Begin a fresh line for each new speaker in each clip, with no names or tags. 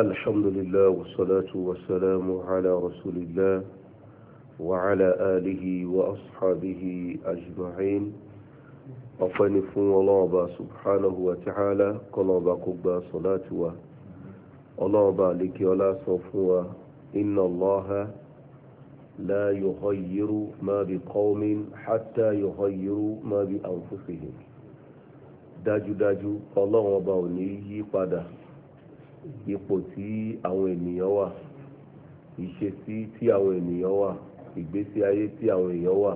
الحمد لله والصلاة والسلام على رسول الله وعلى آله وأصحابه أجمعين ọpẹ́ni fún ọlọ́ọ̀ba subhanahu wa ta'ala kọlọ́ọ̀ba kó gba sọ́láàtì wa ọlọ́ọ̀ba àlékè ọlá sọ fún wa inna Allaha la yughayyiru ma bi qawmin hatta yughayyiru ma bi anfusihim dájúdájú ọlọ́ọ̀ba ò ní yí padà ipò tí àwọn ènìyàn wà ìṣesí tí àwọn ènìyàn wà ìgbésí ayé tí àwọn èèyàn wà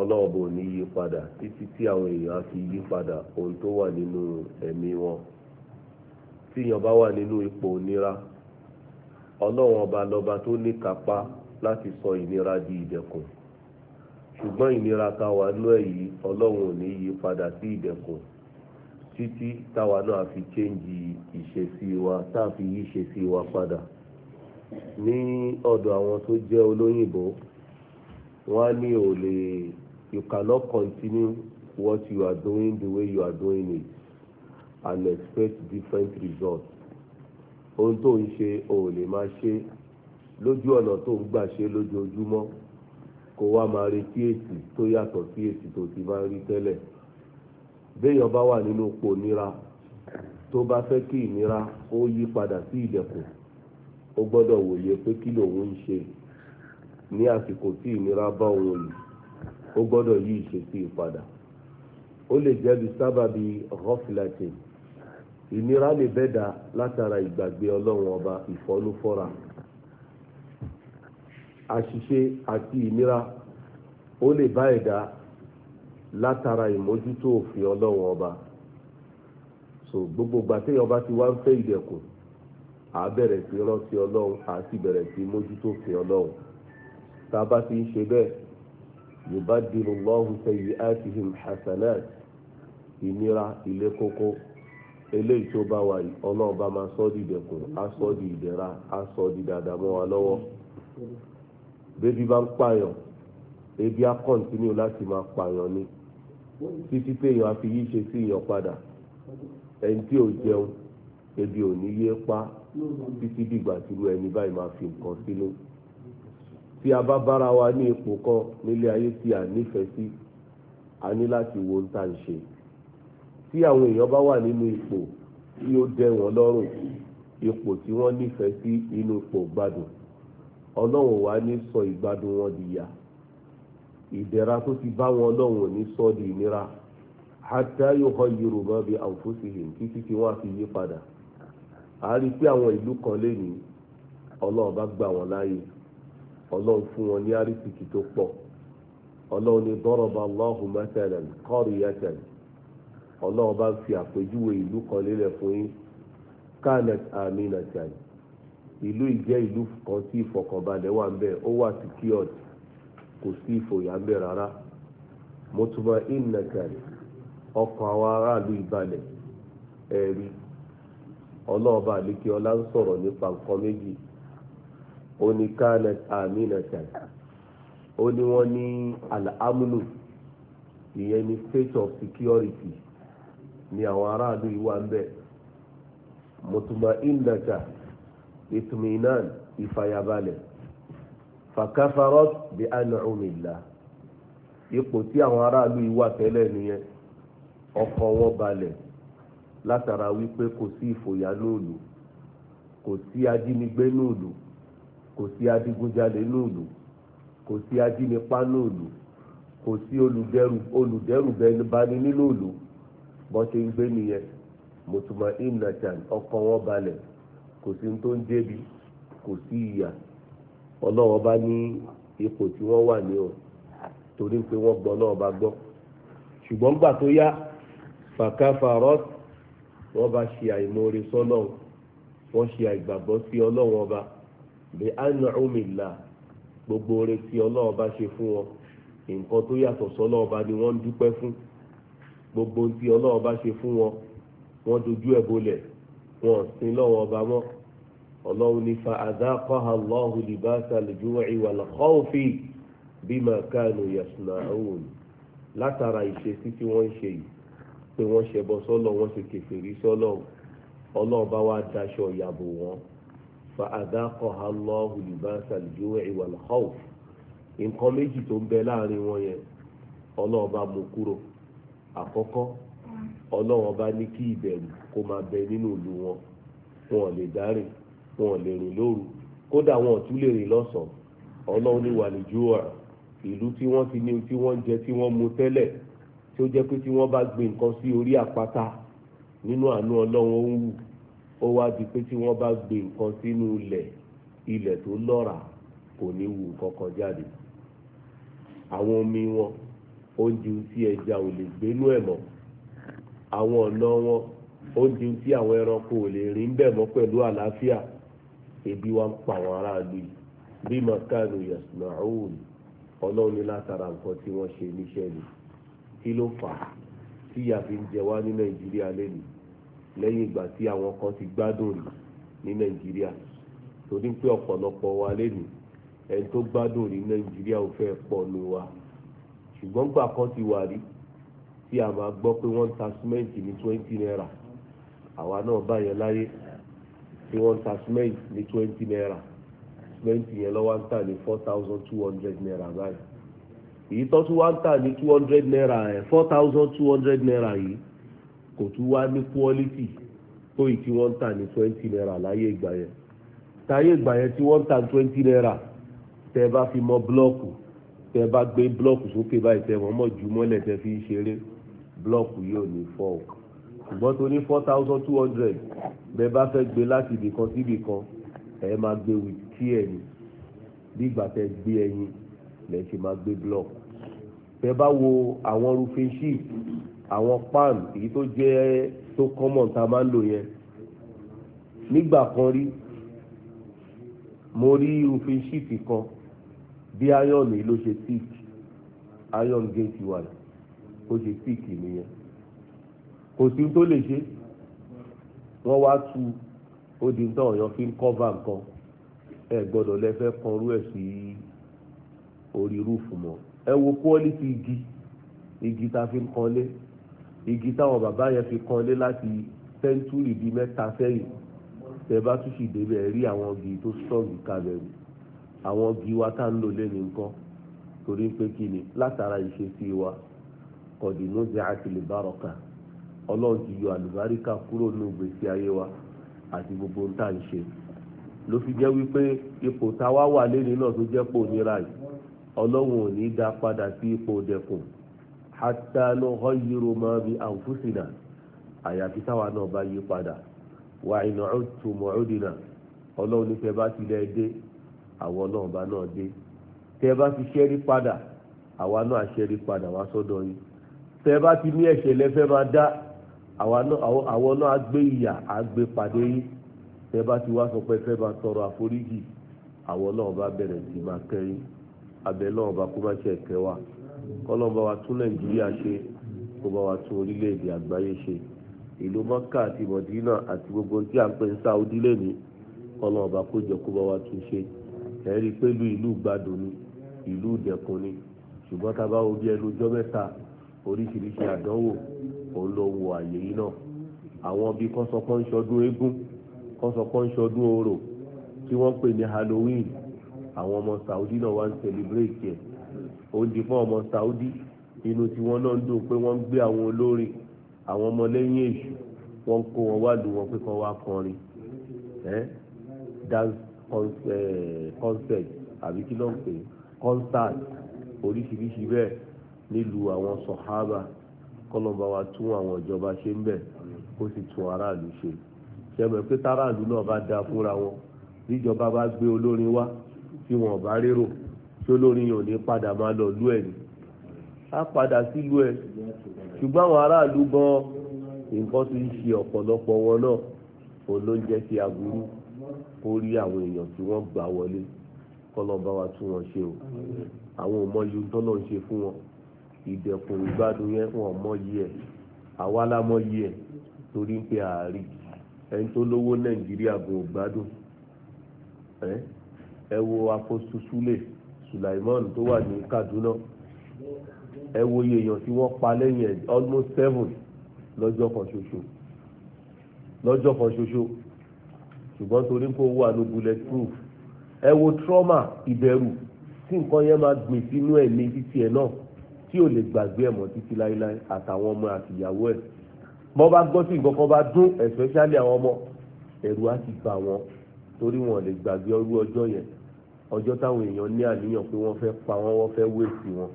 ọlọ́ọ̀bù ò ní yí padà títí tí àwọn èèyàn á fi yí padà ohun tó wà nínú ẹ̀mí wọn tí èèyàn bá wà nínú ipò ìnira ọlọ́wọ́n ọba lọ́ba tó ní kápá láti sọ ìnira di ìdẹ̀kùn ṣùgbọ́n ìnira ká wà nú ẹ̀ yìí ọlọ́wọ́n ò ní yí padà sí ìdẹ̀kùn títí táwa náà fi chéǹjì ìṣesí wa tá a fi yí ìṣesí wa padà ní ọ̀dọ̀ àwọn tó jẹ́ olóyìnbó wọ́n á ní ò lè you cannot continue what you are doing the way you are doing it and expect different results ohun tó ń ṣe ò lè máa ṣe lójú ọ̀nà tó ń gbà ṣe lójoojúmọ́ kó wá máa retí èsì tó yàtọ̀ sí èsì tó ti máa ń rí tẹ́lẹ̀ béèyàn bá wà nínú ipò nira tó bá fẹ́ kí ìnira ó yí padà sí ìdẹ̀kùn ó gbọ́dọ̀ wòye pé kí lòun ń ṣe ní àsìkò tí ìnira bá òun yìí ó gbọ́dọ̀ yí ìṣesí padà ó lè sábàbí ìnira lè ọba ìfọ́núfọ́ra àṣìṣe àti ìnira ó lè bá ẹ̀dá látara ìmójútó òfin ọlọ́run ọba so gbogbo ìgbà tí ọba ti wá ń fẹ́ ìdẹ̀kùn à bẹ̀rẹ̀ sí rántí ọlọ́run à sì bẹ̀rẹ̀ sí mójútó òfin ọlọ́run tá a bá ti ń ṣe bẹ́ẹ̀ yubadilu Allahu sayyi'atihim hasanat ìnira ilé kókó eléyìí tó bá wà yìí ọlọ́run bá máa sọ di ìdẹ̀kùn á sọ di ìdẹ̀ra á sọ di dáadáa mọ́ wa lọ́wọ́ bébí bá ń pààyàn ebi á láti máa pààyàn ni títí téèyàn á fi yí ṣe sí èèyàn padà ẹni tí ò jẹun ebi ò ní yé pa títí dìgbà tí irú ẹni báyìí máa fi nǹkan sínú tí a bá bára wa ní ipò kan nílé ayé tí a nífẹ̀ẹ́ sí a ní láti wo ń tà ń ṣe tí àwọn èèyàn bá wà nínú ipò tí ó dẹ wọn lọ́rùn ipò tí wọ́n nífẹ̀ẹ́ sí inú ipò gbádùn ọlọ́run wa ní sọ ìgbádùn wọn di yà ìdẹ̀ra tó ti bá wọn lọ́wọ́ ní sọ́ọ̀dì ìnira hatta yughayyiru ma bíi anfusihim títí tí wọ́n á fi yí padà a rí i pé àwọn ìlú kan lẹ́nu ọlọ́run bá gbà wọ́n láàyè ọlọ́run fún wọn ní àrísìkì tó pọ̀ ọlọ́run ní ọlọ́run bá fi àpèjúwe ìlú kan kò sí ìfòyà ń bẹ rárá mọtúmọ ìnàkàlẹ ọkàn àwọn aráàlú ìbalẹ̀ ẹ̀rí ọlọ́ọ̀bá àlékè ọlá ń sọ̀rọ̀ nípa nǹkan méjì ó ní kánà àmínàkàlẹ ó ní wọ́n ní àlàámúlù ìyẹn ní state of security ni àwọn aráàlú ìwà ń bẹ mọtúmọ ìnàkà ìtùmínàn ìfàyàbalẹ̀ fakafarat bi an'umillah ipò tí àwọn aráàlú yìí wà tẹ́lẹ̀ nìyẹn ọkàn wọn balẹ̀ látara wípé kò sí ìfòyà lóòlù kò sí ajínigbé lóòlù kò sí adigunjalè lóòlù kò sí ajínipa lóòlù kò sí olùdẹrù olùdẹrù bani nílòòlù bọ́n ṣe ń gbé nìyẹn mùtùmá ìnàjàn ọkàn wọn balẹ̀ kò sí ní tó ń débi kò sí ìyà ọlọ́wọ́ bá ní ipò tí wọ́n wà ní o torí pé wọ́n gbọ́ náà bá gbọ́ ṣùgbọ́n gbà tó yá fàkàfàrọ́t wọ́n bá ṣe àìmoore sọ́nà wọ́n ṣe àìgbàgbọ́ sí ọlọ́wọ́n ọba bí anamila gbogbo oore tí ọlọ́wọ́n ọba ṣe fún wọn nǹkan tó yàtọ̀ sọ́nà ọba ni wọ́n ń dúpẹ́ fún gbogbo tí ọlọ́wọ́n ọba ṣe fún wọn wọ́n dojú ẹ̀ bolẹ̀ wọn ò sin lọ́wọ́ ọba mọ́ ọlọ́run ní fa àdákọ́hà lọ́hùn libasa lùjúwẹ̀ẹ́ wàlàkọ́ọ̀fì bímọ káànù yasùnà òun látara ìṣesí tí wọ́n ń ṣe yìí pé wọ́n wọ́n ṣe ọlọ́run wọn fa àdákọ́hà lọ́hùn libasa lùjúwẹ̀ẹ́ wàlàkọ́ọ̀fì nǹkan méjì tó ń bẹ láàrin wọn yẹn ọlọ́run bá mú kúrò àkọ́kọ́ ọlọ́run bá ní kí ìbẹ̀rù kó máa bẹ nínú ìlú wọn wọn ò lè dárìn wọn ò lè rìn lóru kódà wọn ò tún lè rìn lọ́sàn-án ọlọ́run ní wàlíjú ọ̀rà ìlú tí wọ́n ti ní tí wọ́n jẹ tí wọ́n mu tẹ́lẹ̀ tí ó jẹ́ pé tí wọ́n bá gbé nǹkan sí orí àpáta nínú àánú ọlọ́run ó ń wù ó wá di pé tí wọ́n bá gbé nǹkan sínú ilẹ̀ ilẹ̀ tó lọ́ràá kò ní wù kankan jáde àwọn omi wọn oúnjẹ tí ẹja ò lè gbénú ẹ̀ mọ́ àwọn ọ̀nà wọn oúnjẹ tí àwọn ẹranko ò lè rìn bẹ̀ mọ́ pẹ̀lú àlàáfíà ebi wa ń pa àwọn aráàlú yìí bí makanu yasnaun ọlọ́run ní látara nǹkan tí wọ́n ṣe níṣẹ́ ni kí ló fà á tí ìyà fi ń jẹ wá ní nàìjíríà lẹ́nu lẹ́yìn ìgbà tí àwọn kan ti gbádùn rí ní nàìjíríà torí pé ọ̀pọ̀lọpọ̀ wa lẹ́nu ẹni tó gbádùn rí nàìjíríà ò fẹ́ pọ̀ ní wa ṣùgbọ́n gbà kan ti wà rí tí a máa gbọ́ pé wọ́n ń ta símẹ́ǹtì ní twenty naira àwa náà báyẹn láyé tí wọ́n ta cement ní twenty naira cement yẹn lọ́wọ́ ń tà ní four thousand two hundred naira báyìí èyí tó tún wá ń tà ní two hundred naira eh, four thousand two hundred naira yìí kò tún wá ní quality tó yìí tí wọ́n ń tà ní twenty naira láyé ìgbà yẹn táyé ìgbà yẹn tí wọ́n ń tà twenty naira tẹ́ ẹ bá fi mọ blọ́ọ̀kù tẹ́ ẹ bá gbé blọ́ọ̀kù sókè báyìí tẹ́ ẹ mọ̀ mọ̀ jù mọ́lẹ̀ tẹ́ fi ń ṣeré blọ́ọ̀kù yóò ní fọ́ọ̀kù ṣùgbọ́n tó ní four thousand two hundred bẹ́ẹ̀ bá fẹ́ gbé láti ibì kan sí ibì kan ẹ máa gbé with care ni bí ìgbà tẹ gbé ẹyin lẹ ṣe máa gbé block tẹ bá wo àwọn roofing sheet àwọn pan èyí tó jẹ́ tó common tá a máa ń lò yẹn nígbà kan rí mo rí roofing sheet kan bí iron yìí ló ṣe thick iron gate wire ó ṣe thick nìyẹn kò sí tó lè ṣe wọ́n wá tu ó di nǹkan ọ̀yàn fi ń kọ́va nǹkan ẹ gbọ́dọ̀ lẹ fẹ́ kọrú ẹ̀ sí orí rúùfù mọ́ ẹ wo quality igi igi ta fi ń kanlé igi táwọn bàbá yẹn fi kanlé láti sẹ́ńtúrì bíi mẹ́ta sẹ́yìn tẹ bá tún sì débẹ̀ rí àwọn igi tó sọ̀gì kalẹ̀ àwọn igi wa tá ń lò lẹ́nu nǹkan torí pé kí ni látara ìṣesí wa kọ̀dínú jẹ́ àtìlẹ́bárọ̀kà. ọlọ́run yọ àlùbáríkà kúrò nínú ìgbésí ayé wa àti gbogbo nta tá ń ṣe ló fi jẹ́ wípé ipò táwa wà lẹ́ni náà tó jẹ́ pò nira yìí ọlọ́run ò ní í dá padà sí ipò dẹkùn hatta nughayyiru ma bi anfusina àyàfi táwa náà bá wa ọlọ́run bá tilẹ̀ dé àwọn bá náà dé tẹ́ bá ṣẹ́rí padà àwa náà ṣẹ́rí padà wá sọ́dọ̀ yìí tẹ́ bá ti ní ẹ̀ṣẹ̀ lẹ́fẹ́ máa dá àwọn náà á gbé ìyà á gbé pàdé yín tẹ bá ti wá sọ pé fẹ́ máa tọrọ àforíjì àwọn náà bá bẹ̀rẹ̀ sí máa kẹ́yìn abẹ náà bá kó má ṣe ẹ̀kẹ́ wa kọ́lọ́ bá wa tún nàìjíríà ṣe kó bá wa tún orílẹ̀-èdè àgbáyé ṣe ìlú mọ́kà àti mọ̀dínà àti gbogbo tí à ń pè ń sá odílé ní kọ́lọ́ bá kó jọ kó bá wa tún ṣe ẹ̀rí pẹ̀lú ìlú gbádùn ni ìlú ìdẹ̀kùn ni ṣùgbọ́n tá a bá wo bí ẹnu ọjọ́ mẹ́ta oríṣiríṣi àdánwò òun ló wọ àyè yìí náà àwọn bíi kọ́sọ́kọ́ ń ṣọdún eégún kọ́sọ́kọ́ ń tí wọ́n pè ní Halloween àwọn ọmọ Saudi náà wá ń celebrate yẹ òǹdí fún ọmọ Saudi inú tí wọ́n náà ń dùn pé wọ́n ń gbé àwọn olórin àwọn ọmọlẹ́yìn èṣù wọ́n kó wọn wá lù wọn pé kán wá kọrin dance concert àbí kí ló ń pè concert oríṣiríṣi bẹ́ẹ̀ nílùú àwọn sọ̀hábà. So kọ́lọ́ba wa tún àwọn ìjọba ṣe ń bẹ̀ kó sì tún aráàlú ṣe ṣẹbẹ̀ pé táráàlú náà bá da fúnra wọn níjọba bá gbé olórin wá tí wọn ò bá rérò tí olórin yóò ní padà máa lọ lú ẹ̀ ní á padà sílùú ẹ̀ ṣùgbọ́n àwọn aráàlú gan nǹkan ti ń ṣe ọ̀pọ̀lọpọ̀ wọn náà òun ló ń jẹ́ sí aburú kó rí àwọn èèyàn tí wọ́n gbà wọlé kọ́lọ́ba wa tún wọn ṣe o àwọn ò mọ iye tó lọ́n ṣe fún wọn ìdẹ̀kùn ìgbádùn yẹn wọn mọ yí ẹ̀ àwa la mọ yí ẹ̀ torí ń pe ààrí ẹni tó lówó nàìjíríà gan ògbádùn ẹ wo apostu sule tó wà ní kaduna ẹ wo iye èèyàn tí wọ́n pa lẹ́yìn ẹ̀ almost seven lọ́jọ́ kan ṣoṣo lọ́jọ́ kan ṣoṣo ṣùgbọ́n torí kó wà ní bulletproof ẹ wo trauma ìbẹ̀rù tí nǹkan yẹn máa gbìn sínú ẹ̀mí títí ẹ̀ náà tí ò lè gbàgbé ẹ̀mọ́ títí láíláí àtàwọn ọmọ àtìyàwó ẹ̀ bọ́ bá gbọ́ tí nǹkan kan bá dún especially àwọn ọmọ ẹ̀rù á ti bà wọ́n torí wọn lè gbàgbé ọrú ọjọ́ yẹn ọjọ́ táwọn èèyàn ní àníyàn pé wọ́n fẹ́ pa wọ́n wọ́n fẹ́ wéèsì wọn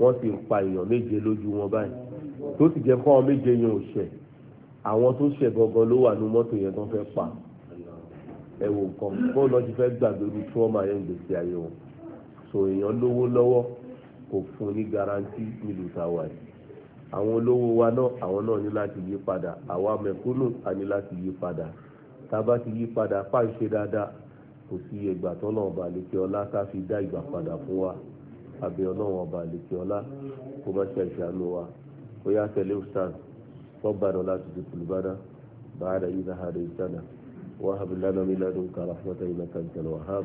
wọ́n sì ń pa èèyàn méje lójú wọn báyìí tó sì jẹ́ fọ́n méje yẹn ò ṣẹ̀ àwọn tó ṣẹ̀ gangan ló wà nínú mọ́tò yẹn tó fẹ́ pa ẹ̀wò nǹkan bó lọ́ ti fẹ́ gbàgbé orí tí wọ́n máa yẹn gbèsè ayé wọn so èèyàn lówó lọ́wọ́ kò fún ní garanti nílùú tàwa yìí àwọn olówó wa náà àwọn náà ní láti yí padà àwa mẹ̀kúnnù a ní láti yí padà tá a bá ti yí padà pàṣẹ dáadáa kò sí ìgbà tọ́nà ọba àlekè ọlá ká fi dá ìgbà padà fún wa àbẹ̀ ọlọ́run ọba àlekè ọlá kó má ṣe àṣàánú wa ó yá tẹ̀lé ustaz ربنا لا تزغ قلوبنا بعد إذ هديتنا وهب لنا من لدنك رحمة إنك أنت الوهاب